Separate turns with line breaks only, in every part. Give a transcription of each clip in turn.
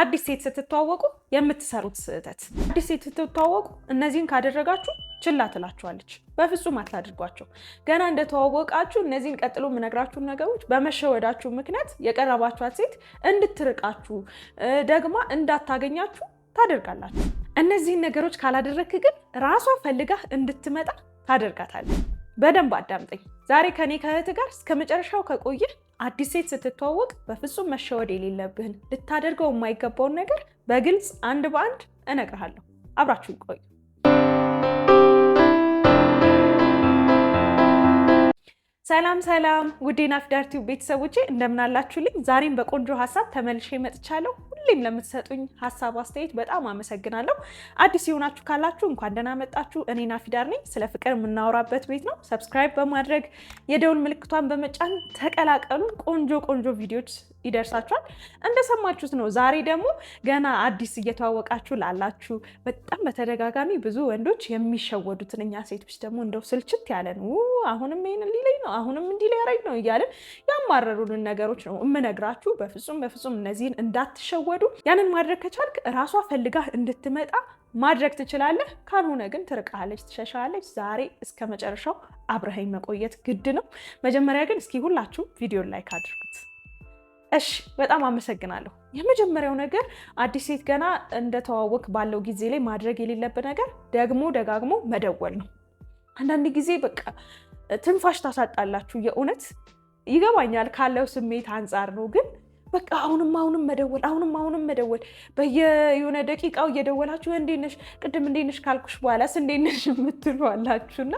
አዲስ ሴት ስትተዋወቁ የምትሰሩት ስህተት። አዲስ ሴት ስትተዋወቁ እነዚህን ካደረጋችሁ ችላ ትላችኋለች። በፍጹም አታድርጓቸው። ገና እንደተዋወቃችሁ እነዚህን ቀጥሎ የምነግራችሁን ነገሮች በመሸወዳችሁ ምክንያት የቀረባችኋት ሴት እንድትርቃችሁ ደግማ እንዳታገኛችሁ ታደርጋላችሁ። እነዚህን ነገሮች ካላደረግክ ግን ራሷ ፈልጋህ እንድትመጣ ታደርጋታለች። በደንብ አዳምጠኝ። ዛሬ ከኔ ከእህት ጋር እስከ መጨረሻው ከቆየህ አዲስ ሴት ስትተዋወቅ በፍጹም መሸወድ የሌለብህን ልታደርገው የማይገባውን ነገር በግልጽ አንድ በአንድ እነግርሃለሁ። አብራችሁ ቆዩ። ሰላም ሰላም፣ ውዴ ናፊዳር ቲዩብ ቤተሰቦቼ እንደምናላችሁልኝ። ዛሬም በቆንጆ ሀሳብ ተመልሼ መጥቻለሁ። ሁሌም ለምትሰጡኝ ሀሳብ፣ አስተያየት በጣም አመሰግናለሁ። አዲስ የሆናችሁ ካላችሁ እንኳን ደህና መጣችሁ። እኔ ናፊዳር ነኝ። ስለ ፍቅር የምናወራበት ቤት ነው። ሰብስክራይብ በማድረግ የደውል ምልክቷን በመጫን ተቀላቀሉ ቆንጆ ቆንጆ ቪዲዮዎች ይደርሳችኋል። እንደሰማችሁት ነው። ዛሬ ደግሞ ገና አዲስ እየተዋወቃችሁ ላላችሁ በጣም በተደጋጋሚ ብዙ ወንዶች የሚሸወዱትን እኛ ሴቶች ደግሞ እንደው ስልችት ያለን አሁንም ይህን ሊለኝ ነው አሁንም እንዲህ ሊያረግ ነው እያለን ያማረሩልን ነገሮች ነው የምነግራችሁ። በፍጹም በፍጹም እነዚህን እንዳትሸወዱ። ያንን ማድረግ ከቻልክ እራሷ ፈልጋ እንድትመጣ ማድረግ ትችላለህ። ካልሆነ ግን ትርቃለች፣ ትሸሻለች። ዛሬ እስከ መጨረሻው አብረሃኝ መቆየት ግድ ነው። መጀመሪያ ግን እስኪ ሁላችሁ ቪዲዮን ላይክ አድርጉት። እሺ በጣም አመሰግናለሁ። የመጀመሪያው ነገር አዲስ ሴት ገና እንደተዋወቅ ባለው ጊዜ ላይ ማድረግ የሌለብህ ነገር ደግሞ ደጋግሞ መደወል ነው። አንዳንድ ጊዜ በቃ ትንፋሽ ታሳጣላችሁ። የእውነት ይገባኛል ካለው ስሜት አንጻር ነው። ግን በቃ አሁንም አሁንም መደወል አሁንም አሁንም መደወል በየሆነ ደቂቃው እየደወላችሁ እንዴት ነሽ፣ ቅድም እንዴት ነሽ ካልኩሽ በኋላስ እንዴት ነሽ የምትሉ አላችሁና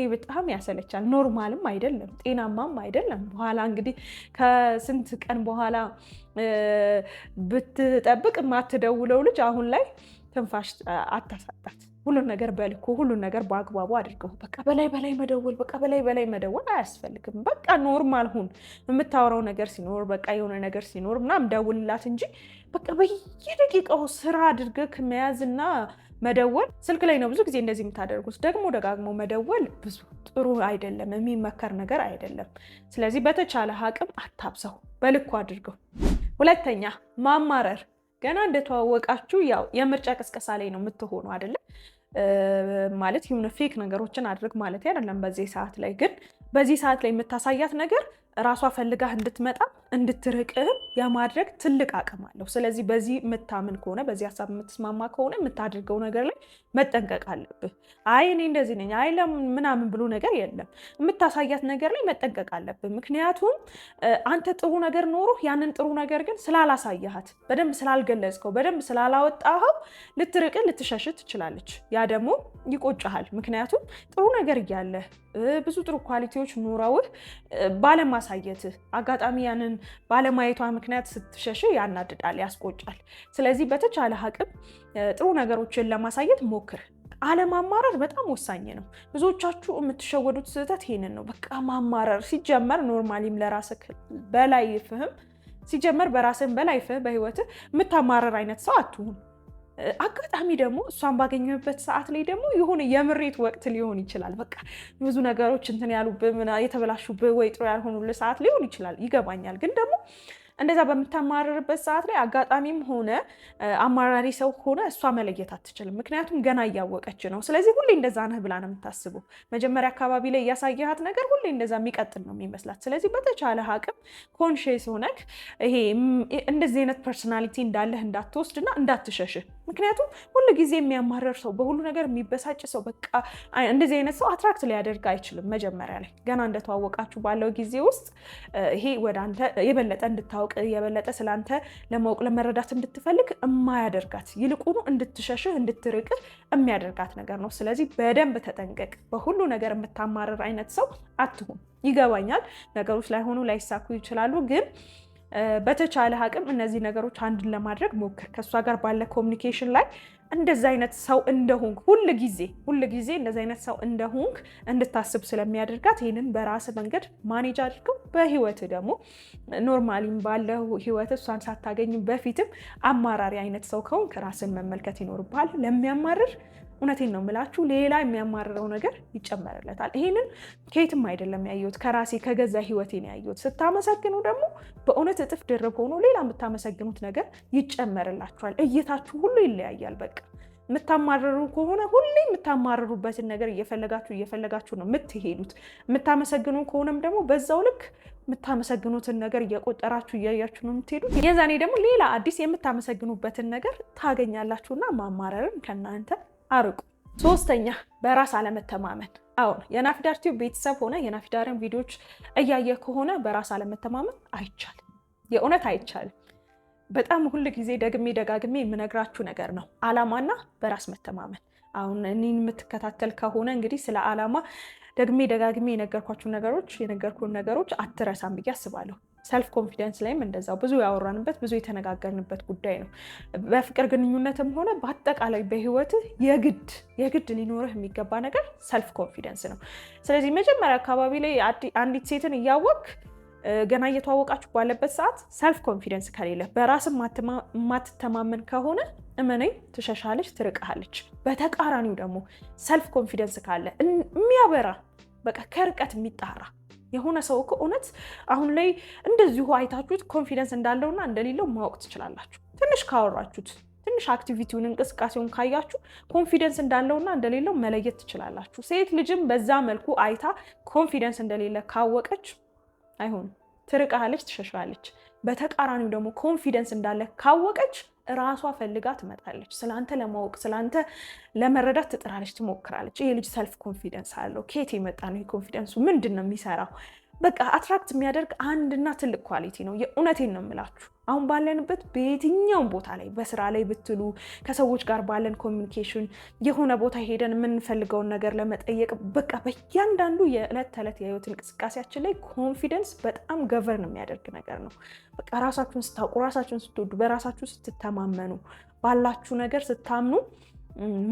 ይህ በጣም ያሰለቻል። ኖርማልም አይደለም፣ ጤናማም አይደለም። በኋላ እንግዲህ ከስንት ቀን በኋላ ብትጠብቅ የማትደውለው ልጅ አሁን ላይ ትንፋሽ አታሳጣት። ሁሉን ነገር በልኩ ሁሉን ነገር በአግባቡ አድርገው። በቃ በላይ በላይ መደወል በቃ በላይ በላይ መደወል አያስፈልግም። በቃ ኖርማል ሁን። የምታወራው ነገር ሲኖር በቃ የሆነ ነገር ሲኖር ምናምን ደውልላት እንጂ በቃ በየደቂቃው ስራ አድርገህ መያዝና መደወል ስልክ ላይ ነው ብዙ ጊዜ እንደዚህ የምታደርጉት። ደግሞ ደጋግሞ መደወል ብዙ ጥሩ አይደለም፣ የሚመከር ነገር አይደለም። ስለዚህ በተቻለ አቅም አታብሰው፣ በልኩ አድርገው። ሁለተኛ ማማረር። ገና እንደተዋወቃችሁ ያው የምርጫ ቅስቀሳ ላይ ነው የምትሆኑ አይደለም ማለት ፌክ ነገሮችን አድርግ ማለት አይደለም። በዚህ ሰዓት ላይ ግን በዚህ ሰዓት ላይ የምታሳያት ነገር ራሷ ፈልጋህ እንድትመጣም እንድትርቅህም የማድረግ ትልቅ አቅም አለው። ስለዚህ በዚህ የምታምን ከሆነ በዚህ ሀሳብ የምትስማማ ከሆነ የምታደርገው ነገር ላይ መጠንቀቅ አለብህ። አይ እኔ እንደዚህ ነኝ አይ ምናምን ብሎ ነገር የለም። የምታሳያት ነገር ላይ መጠንቀቅ አለብህ። ምክንያቱም አንተ ጥሩ ነገር ኖሮ ያንን ጥሩ ነገር ግን ስላላሳያሃት፣ በደንብ ስላልገለጽከው፣ በደንብ ስላላወጣኸው ልትርቅህ ልትሸሽ ትችላለች። ያ ደግሞ ይቆጭሃል። ምክንያቱም ጥሩ ነገር እያለህ ብዙ ጥሩ ኳሊቲዎች ኖረውህ ባለማ ማሳየትህ አጋጣሚ ያንን ባለማየቷ ምክንያት ስትሸሽ ያናድዳል፣ ያስቆጫል። ስለዚህ በተቻለ አቅም ጥሩ ነገሮችን ለማሳየት ሞክር። አለማማረር በጣም ወሳኝ ነው። ብዙዎቻችሁ የምትሸወዱት ስህተት ይሄንን ነው። በቃ ማማረር ሲጀመር ኖርማሊም ለራስህ በላይ ፍህም ሲጀመር በራስህም በላይ ፍህ በህይወትህ የምታማረር አይነት ሰው አትሁን። አጋጣሚ ደግሞ እሷን ባገኘበት ሰዓት ላይ ደግሞ የሆነ የምሬት ወቅት ሊሆን ይችላል። በቃ ብዙ ነገሮች እንትን ያሉብህ የተበላሹብህ ወይ ጥሩ ያልሆኑልህ ሰዓት ሊሆን ይችላል። ይገባኛል። ግን ደግሞ እንደዛ በምታማርርበት ሰዓት ላይ አጋጣሚም ሆነ አማራሪ ሰው ሆነ እሷ መለየት አትችልም። ምክንያቱም ገና እያወቀች ነው። ስለዚህ ሁሌ እንደዛ ነህ ብላ ነው የምታስበው። መጀመሪያ አካባቢ ላይ እያሳየሃት ነገር ሁሌ እንደዛ የሚቀጥል ነው የሚመስላት። ስለዚህ በተቻለ አቅም ኮንሽስ ሆነህ ይሄ እንደዚህ አይነት ፐርሶናሊቲ እንዳለህ እንዳትወስድና እንዳትሸሽህ ምክንያቱም ሁሉ ጊዜ የሚያማረር ሰው፣ በሁሉ ነገር የሚበሳጭ ሰው፣ በቃ እንደዚህ አይነት ሰው አትራክት ሊያደርግ አይችልም። መጀመሪያ ላይ ገና እንደተዋወቃችሁ ባለው ጊዜ ውስጥ ይሄ ወደ አንተ የበለጠ እንድታውቅ የበለጠ ስለአንተ ለማወቅ ለመረዳት እንድትፈልግ የማያደርጋት ይልቁኑ እንድትሸሽህ እንድትርቅህ የሚያደርጋት ነገር ነው። ስለዚህ በደንብ ተጠንቀቅ። በሁሉ ነገር የምታማረር አይነት ሰው አትሁን። ይገባኛል፣ ነገሮች ላይሆኑ ላይሳኩ ይችላሉ ግን በተቻለ አቅም እነዚህ ነገሮች አንድን ለማድረግ ሞክር። ከእሷ ጋር ባለ ኮሚኒኬሽን ላይ እንደዚ አይነት ሰው እንደሆንክ ሁል ጊዜ ሁል ጊዜ እንደዚ አይነት ሰው እንደሆንክ እንድታስብ ስለሚያደርጋት ይህንን በራስ መንገድ ማኔጅ አድርገው። በህይወት ደግሞ ኖርማሊም ባለው ህይወት እሷን ሳታገኝ በፊትም አማራሪ አይነት ሰው ከሆንክ ራስን መመልከት ይኖርብሃል። ለሚያማርር እውነቴን ነው የምላችሁ፣ ሌላ የሚያማርረው ነገር ይጨመርለታል። ይሄንን ከየትም አይደለም ያየሁት፣ ከራሴ ከገዛ ህይወቴ ያየት ያየሁት። ስታመሰግኑ ደግሞ በእውነት እጥፍ ድርብ ሆኖ ሌላ የምታመሰግኑት ነገር ይጨመርላችኋል። እይታችሁ ሁሉ ይለያያል። በቃ የምታማርሩ ከሆነ ሁሌ የምታማርሩበትን ነገር እየፈለጋችሁ እየፈለጋችሁ ነው የምትሄዱት። የምታመሰግኑ ከሆነም ደግሞ በዛው ልክ የምታመሰግኑትን ነገር እየቆጠራችሁ እያያችሁ ነው የምትሄዱት። የዛኔ ደግሞ ሌላ አዲስ የምታመሰግኑበትን ነገር ታገኛላችሁና ማማረርን ከእናንተ አርቁ። ሶስተኛ በራስ አለመተማመን። አሁን የናፊዳር ቲዩብ ቤተሰብ ሆነ የናፊዳርን ቪዲዮዎች እያየ ከሆነ በራስ አለመተማመን አይቻልም፣ የእውነት አይቻልም። በጣም ሁል ጊዜ ደግሜ ደጋግሜ የምነግራችሁ ነገር ነው፣ አላማና በራስ መተማመን። አሁን እኔን የምትከታተል ከሆነ እንግዲህ ስለ አላማ ደግሜ ደጋግሜ የነገርኳችሁ ነገሮች የነገርኩን ነገሮች አትረሳም ብዬ አስባለሁ። ሰልፍ ኮንፊደንስ ላይም እንደዛው ብዙ ያወራንበት ብዙ የተነጋገርንበት ጉዳይ ነው። በፍቅር ግንኙነትም ሆነ በአጠቃላይ በህይወት የግድ የግድ ሊኖርህ የሚገባ ነገር ሰልፍ ኮንፊደንስ ነው። ስለዚህ መጀመሪያ አካባቢ ላይ አንዲት ሴትን እያወክ ገና እየተዋወቃችሁ ባለበት ሰዓት ሰልፍ ኮንፊደንስ ከሌለ በራስ የማትተማመን ከሆነ እመነኝ ትሸሻለች፣ ትርቅሃለች። በተቃራኒው ደግሞ ሰልፍ ኮንፊደንስ ካለ የሚያበራ በቃ ከርቀት የሚጣራ የሆነ ሰው እኮ እውነት አሁን ላይ እንደዚሁ አይታችሁት ኮንፊደንስ እንዳለውና እንደሌለው ማወቅ ትችላላችሁ። ትንሽ ካወራችሁት፣ ትንሽ አክቲቪቲውን እንቅስቃሴውን ካያችሁ ኮንፊደንስ እንዳለውና እንደሌለው መለየት ትችላላችሁ። ሴት ልጅም በዛ መልኩ አይታ ኮንፊደንስ እንደሌለ ካወቀች አይሆንም። ትርቃለች፣ ትሸሻለች። በተቃራኒው ደግሞ ኮንፊደንስ እንዳለ ካወቀች ራሷ ፈልጋ ትመጣለች። ስለአንተ ለማወቅ ስለአንተ ለመረዳት ትጥራለች፣ ትሞክራለች። ይሄ ልጅ ሰልፍ ኮንፊደንስ አለው። ኬት የመጣ ነው? ኮንፊደንሱ ምንድን ነው የሚሰራው? በቃ አትራክት የሚያደርግ አንድና ትልቅ ኳሊቲ ነው። የእውነቴን ነው የምላችሁ። አሁን ባለንበት በየትኛውም ቦታ ላይ በስራ ላይ ብትሉ፣ ከሰዎች ጋር ባለን ኮሚኒኬሽን፣ የሆነ ቦታ ሄደን የምንፈልገውን ነገር ለመጠየቅ በቃ በእያንዳንዱ የዕለት ተዕለት የህይወት እንቅስቃሴያችን ላይ ኮንፊደንስ በጣም ገቨርን የሚያደርግ ነገር ነው። በቃ ራሳችሁን ስታውቁ፣ ራሳችሁን ስትወዱ፣ በራሳችሁ ስትተማመኑ፣ ባላችሁ ነገር ስታምኑ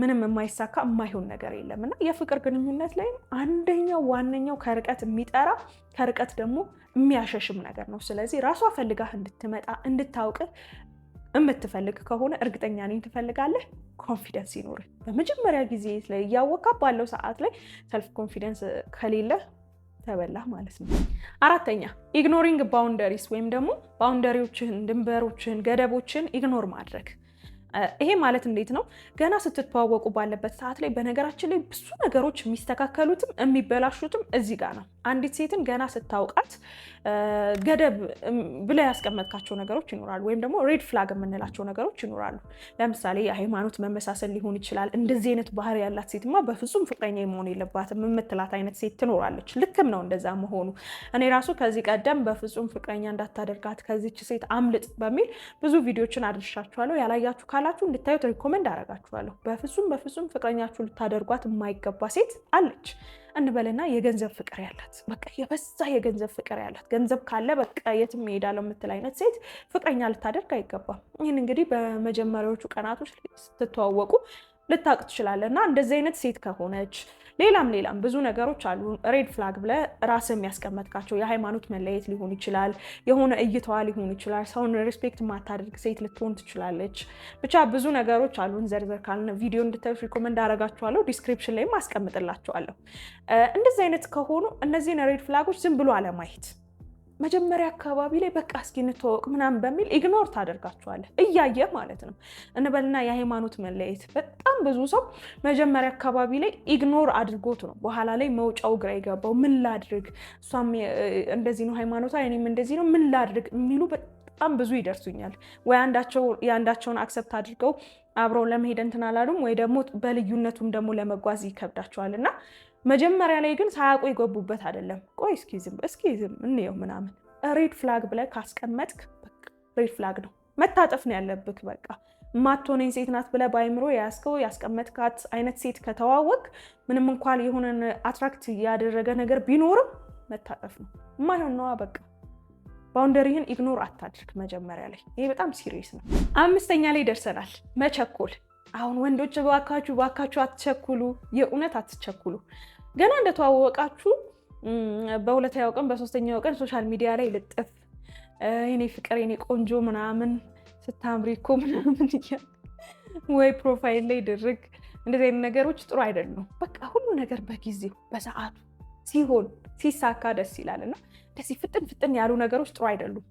ምንም የማይሳካ የማይሆን ነገር የለም እና የፍቅር ግንኙነት ላይም አንደኛው ዋነኛው ከርቀት የሚጠራ ከርቀት ደግሞ የሚያሸሽም ነገር ነው። ስለዚህ ራሷ ፈልጋህ እንድትመጣ እንድታውቅህ የምትፈልግ ከሆነ እርግጠኛ ነኝ ትፈልጋለህ። ኮንፊደንስ ይኖርህ በመጀመሪያ ጊዜ ላይ እያወካ ባለው ሰዓት ላይ ሰልፍ ኮንፊደንስ ከሌለ ተበላህ ማለት ነው። አራተኛ ኢግኖሪንግ ባውንደሪስ ወይም ደግሞ ባውንደሪዎችህን፣ ድንበሮችህን፣ ገደቦችህን ኢግኖር ማድረግ ይሄ ማለት እንዴት ነው? ገና ስትተዋወቁ ባለበት ሰዓት ላይ በነገራችን ላይ ብዙ ነገሮች የሚስተካከሉትም የሚበላሹትም እዚህ ጋር ነው። አንዲት ሴትን ገና ስታውቃት ገደብ ብለ ያስቀመጥካቸው ነገሮች ይኖራሉ፣ ወይም ደግሞ ሬድ ፍላግ የምንላቸው ነገሮች ይኖራሉ። ለምሳሌ የሃይማኖት መመሳሰል ሊሆን ይችላል። እንደዚህ አይነት ባህሪ ያላት ሴትማ በፍጹም ፍቅረኛ መሆን የለባትም የምትላት አይነት ሴት ትኖራለች። ልክም ነው እንደዛ መሆኑ። እኔ ራሱ ከዚህ ቀደም በፍጹም ፍቅረኛ እንዳታደርጋት ከዚች ሴት አምልጥ በሚል ብዙ ቪዲዮችን አድርሻችኋለሁ። ያላያችሁ ካላችሁ እንድታዩት ሪኮመንድ አረጋችኋለሁ። በፍጹም በፍጹም ፍቅረኛችሁ ልታደርጓት የማይገባ ሴት አለች። እንበልና የገንዘብ ፍቅር ያላት በቃ የበዛ የገንዘብ ፍቅር ያላት ገንዘብ ካለ በቃ የትም እሄዳለሁ የምትል አይነት ሴት ፍቅረኛ ልታደርግ አይገባም። ይህን እንግዲህ በመጀመሪያዎቹ ቀናቶች ስትተዋወቁ ልታውቅ ትችላለህ እና እንደዚህ አይነት ሴት ከሆነች ሌላም ሌላም ብዙ ነገሮች አሉ። ሬድ ፍላግ ብለህ ራስህ የሚያስቀመጥካቸው የሃይማኖት መለየት ሊሆን ይችላል፣ የሆነ እይታዋ ሊሆን ይችላል፣ ሰውን ሬስፔክት ማታደርግ ሴት ልትሆን ትችላለች። ብቻ ብዙ ነገሮች አሉ። እንዘርዘር ካልን ቪዲዮ እንድታዩ ሪኮመንድ አረጋችኋለሁ። ዲስክሪፕሽን ላይም አስቀምጥላችኋለሁ። እንደዚህ አይነት ከሆኑ እነዚህን ሬድ ፍላጎች ዝም ብሎ አለማየት መጀመሪያ አካባቢ ላይ በቃ እስኪ እንተዋወቅ ምናምን በሚል ኢግኖር ታደርጋቸዋለህ እያየ ማለት ነው። እንበልና የሃይማኖት መለየት በጣም ብዙ ሰው መጀመሪያ አካባቢ ላይ ኢግኖር አድርጎት ነው በኋላ ላይ መውጫው ግራ የገባው ምን ላድርግ፣ እሷም እንደዚህ ነው ሃይማኖቷ፣ እኔም እንደዚህ ነው ምን ላድርግ የሚሉ በጣም ብዙ ይደርሱኛል። ወይ አንዳቸው የአንዳቸውን አክሰፕት አድርገው አብረው ለመሄድ እንትን አላሉም፣ ወይ ደግሞ በልዩነቱም ደግሞ ለመጓዝ ይከብዳቸዋል እና መጀመሪያ ላይ ግን ሳያውቁ የገቡበት አይደለም። ቆይ እስኪ ዝም እስኪ ዝም እንየው ምናምን ሬድ ፍላግ ብለህ ካስቀመጥክ ሬድ ፍላግ ነው፣ መታጠፍ ነው ያለብክ። በቃ ማትሆነኝ ሴት ናት ብለህ በአይምሮ የያዝከው ያስቀመጥካት አይነት ሴት ከተዋወቅ ምንም እንኳን የሆነን አትራክት ያደረገ ነገር ቢኖርም መታጠፍ ነው የማይሆን ነዋ። በቃ ባውንደሪህን ኢግኖር አታድርግ መጀመሪያ ላይ። ይሄ በጣም ሲሪየስ ነው። አምስተኛ ላይ ደርሰናል፣ መቸኮል አሁን ወንዶች ባካችሁ ባካችሁ አትቸኩሉ፣ የእውነት አትቸኩሉ። ገና እንደተዋወቃችሁ በሁለተኛው ቀን በሶስተኛው ቀን ሶሻል ሚዲያ ላይ ልጥፍ የኔ ፍቅር የኔ ቆንጆ ምናምን ስታምሪ እኮ ምናምን እያለ ወይ ፕሮፋይል ላይ ድርግ እንደዚህ አይነት ነገሮች ጥሩ አይደሉም። በቃ ሁሉ ነገር በጊዜው በሰዓቱ ሲሆን ሲሳካ ደስ ይላል እና እንደዚህ ፍጥን ፍጥን ያሉ ነገሮች ጥሩ አይደሉም።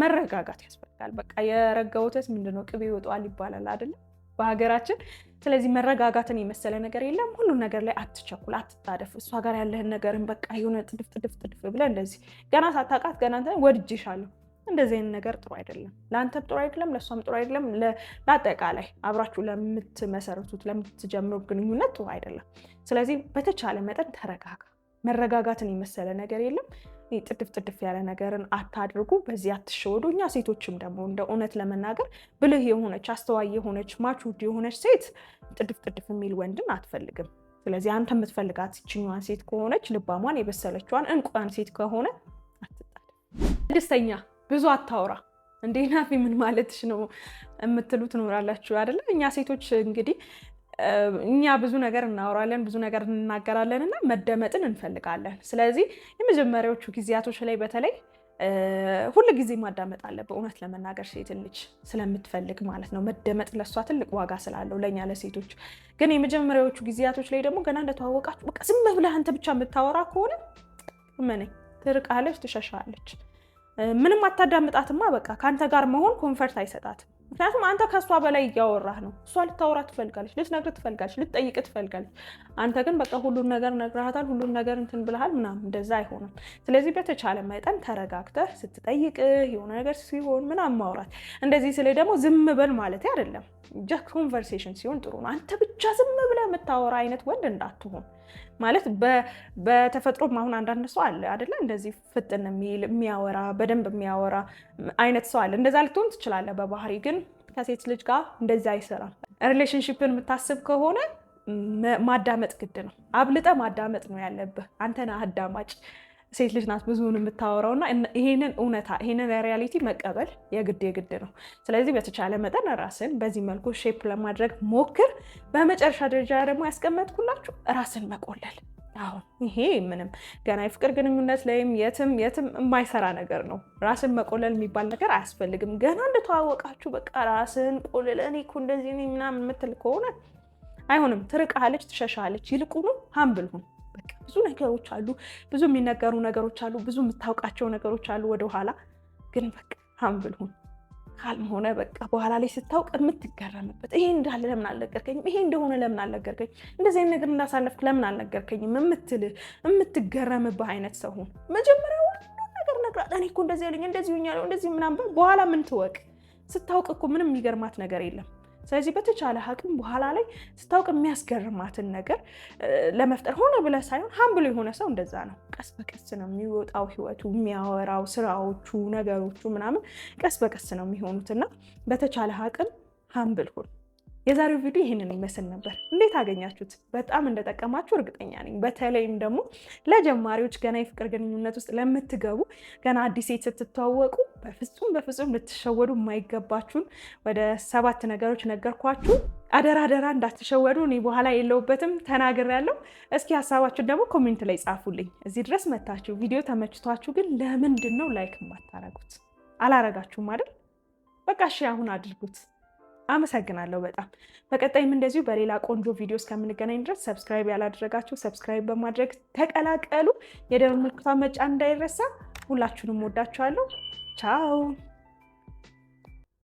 መረጋጋት ያስፈልጋል። በቃ የረጋ ወተት ምንድነው ቅቤ ይወጣዋል ይባላል አይደለም በሀገራችን። ስለዚህ መረጋጋትን የመሰለ ነገር የለም። ሁሉን ነገር ላይ አትቸኩል፣ አትጣደፍ። እሷ ጋር ያለህን ነገርን በቃ የሆነ ጥድፍ ጥድፍ ጥድፍ ብለህ እንደዚህ ገና ሳታውቃት ገና ወድጄሻለሁ እንደዚህ አይነት ነገር ጥሩ አይደለም። ለአንተም ጥሩ አይደለም፣ ለእሷም ጥሩ አይደለም። ለአጠቃላይ አብራችሁ ለምትመሰረቱት ለምትጀምሩ ግንኙነት ጥሩ አይደለም። ስለዚህ በተቻለ መጠን ተረጋጋ። መረጋጋትን የመሰለ ነገር የለም። ጥድፍ ጥድፍ ያለ ነገርን አታድርጉ፣ በዚህ አትሸወዱ። እኛ ሴቶችም ደግሞ እንደ እውነት ለመናገር ብልህ የሆነች አስተዋይ የሆነች ማቹድ የሆነች ሴት ጥድፍ ጥድፍ የሚል ወንድን አትፈልግም። ስለዚህ አንተ የምትፈልጋት ይችኛዋን ሴት ከሆነች ልባሟን የበሰለችዋን እንቋን ሴት ከሆነ አትጣል። ስድስተኛ ብዙ አታውራ። እንዴ ናፊ ምን ማለትሽ ነው የምትሉ ትኖራላችሁ አይደለ? እኛ ሴቶች እንግዲህ እኛ ብዙ ነገር እናወራለን፣ ብዙ ነገር እንናገራለን እና መደመጥን እንፈልጋለን። ስለዚህ የመጀመሪያዎቹ ጊዜያቶች ላይ በተለይ ሁል ጊዜ ማዳመጥ አለ። በእውነት ለመናገር ሴት ልጅ ስለምትፈልግ ማለት ነው። መደመጥ ለእሷ ትልቅ ዋጋ ስላለው ለእኛ ለሴቶች ግን የመጀመሪያዎቹ ጊዜያቶች ላይ ደግሞ ገና እንደተዋወቃችሁ በቃ ዝም ብለህ አንተ ብቻ የምታወራ ከሆነ ምኔ ትርቃለች፣ ትሸሻለች። ምንም አታዳምጣትማ። በቃ ከአንተ ጋር መሆን ኮንፈርት አይሰጣትም። ምክንያቱም አንተ ከእሷ በላይ እያወራህ ነው። እሷ ልታወራ ትፈልጋለች፣ ልትነግር ትፈልጋለች፣ ልትጠይቅ ትፈልጋለች። አንተ ግን በቃ ሁሉን ነገር ነግረሃታል፣ ሁሉን ነገር እንትን ብልሃል ምናምን፣ እንደዛ አይሆንም። ስለዚህ በተቻለ መጠን ተረጋግተህ ስትጠይቅህ የሆነ ነገር ሲሆን ምናምን ማውራት። እንደዚህ ስለ ደግሞ ዝም በል ማለት አይደለም። ጀስት ኮንቨርሴሽን ሲሆን ጥሩ ነው። አንተ ብቻ ዝም ብለህ የምታወራ አይነት ወንድ እንዳትሆን ማለት በተፈጥሮ አሁን አንዳንድ ሰው አለ አይደለ? እንደዚህ ፍጥን የሚል የሚያወራ በደንብ የሚያወራ አይነት ሰው አለ። እንደዛ ልትሆን ትችላለህ በባህሪ ግን ከሴት ልጅ ጋር እንደዚያ አይሰራም። ሪሌሽንሽፕን የምታስብ ከሆነ ማዳመጥ ግድ ነው። አብልጠ ማዳመጥ ነው ያለብህ። አንተ አዳማጭ። ሴት ልጅ ናት ብዙውን የምታወራው እና ይሄንን እውነታ ይሄንን ሪያሊቲ መቀበል የግድ የግድ ነው። ስለዚህ በተቻለ መጠን ራስን በዚህ መልኩ ሼፕ ለማድረግ ሞክር። በመጨረሻ ደረጃ ደግሞ ያስቀመጥኩላችሁ ራስን መቆለል አሁን ይሄ ምንም ገና የፍቅር ግንኙነት ላይም የትም የትም የማይሰራ ነገር ነው። ራስን መቆለል የሚባል ነገር አያስፈልግም። ገና እንደተዋወቃችሁ በቃ ራስን ቆልል እኔ እኮ እንደዚህ ምናምን የምትል ከሆነ አይሆንም። ትርቃለች፣ ትሸሻለች። ይልቁኑ ሀምብል ሁን። ብዙ ነገሮች አሉ፣ ብዙ የሚነገሩ ነገሮች አሉ፣ ብዙ የምታውቃቸው ነገሮች አሉ። ወደኋላ ግን በቃ ሀምብል ሁን። ካልሆነ በቃ በኋላ ላይ ስታውቅ የምትገረምበት ይሄ እንዳለ ለምን አልነገርከኝም፣ ይሄ እንደሆነ ለምን አልነገርከኝ፣ እንደዚህ ነገር እንዳሳለፍክ ለምን አልነገርከኝም የምትልህ የምትገረምብህ አይነት ሰው ሁን። መጀመሪያ ሁሉን ነገር ነግራለህ። እኔ እኮ እንደዚህ ያለኝ እንደዚህ ሆኛለሁ እንደዚህ ምናምን በኋላ ምን ትወቅ። ስታውቅ እኮ ምንም የሚገርማት ነገር የለም። ስለዚህ በተቻለ አቅም በኋላ ላይ ስታውቅ የሚያስገርማትን ነገር ለመፍጠር ሆነ ብለ ሳይሆን ሀምብሎ የሆነ ሰው እንደዛ ነው። ቀስ በቀስ ነው የሚወጣው ህይወቱ፣ የሚያወራው ስራዎቹ፣ ነገሮቹ ምናምን ቀስ በቀስ ነው የሚሆኑትና በተቻለ አቅም ሀምብል ሁን። የዛሬው ቪዲዮ ይህንን ይመስል ነበር። እንዴት አገኛችሁት? በጣም እንደጠቀማችሁ እርግጠኛ ነኝ። በተለይም ደግሞ ለጀማሪዎች ገና የፍቅር ግንኙነት ውስጥ ለምትገቡ ገና አዲስ ሴት ስትተዋወቁ በፍጹም በፍጹም ልትሸወዱ የማይገባችሁን ወደ ሰባት ነገሮች ነገርኳችሁ። አደራ አደራ እንዳትሸወዱ። እኔ በኋላ የለውበትም ያለው እስኪ ሀሳባችሁን ደግሞ ኮሜንት ላይ ጻፉልኝ። እዚህ ድረስ መታችሁ ቪዲዮ ተመችቷችሁ፣ ግን ለምንድን ነው ላይክ የማታረጉት? አላረጋችሁም አይደል? በቃ እሺ አሁን አድርጉት። አመሰግናለሁ በጣም። በቀጣይም እንደዚሁ በሌላ ቆንጆ ቪዲዮ እስከምንገናኝ ድረስ ሰብስክራይብ ያላደረጋችሁ ሰብስክራይብ በማድረግ ተቀላቀሉ። የደወል ምልክቷን መጫን እንዳይረሳ። ሁላችሁንም ወዳችኋለሁ። ቻው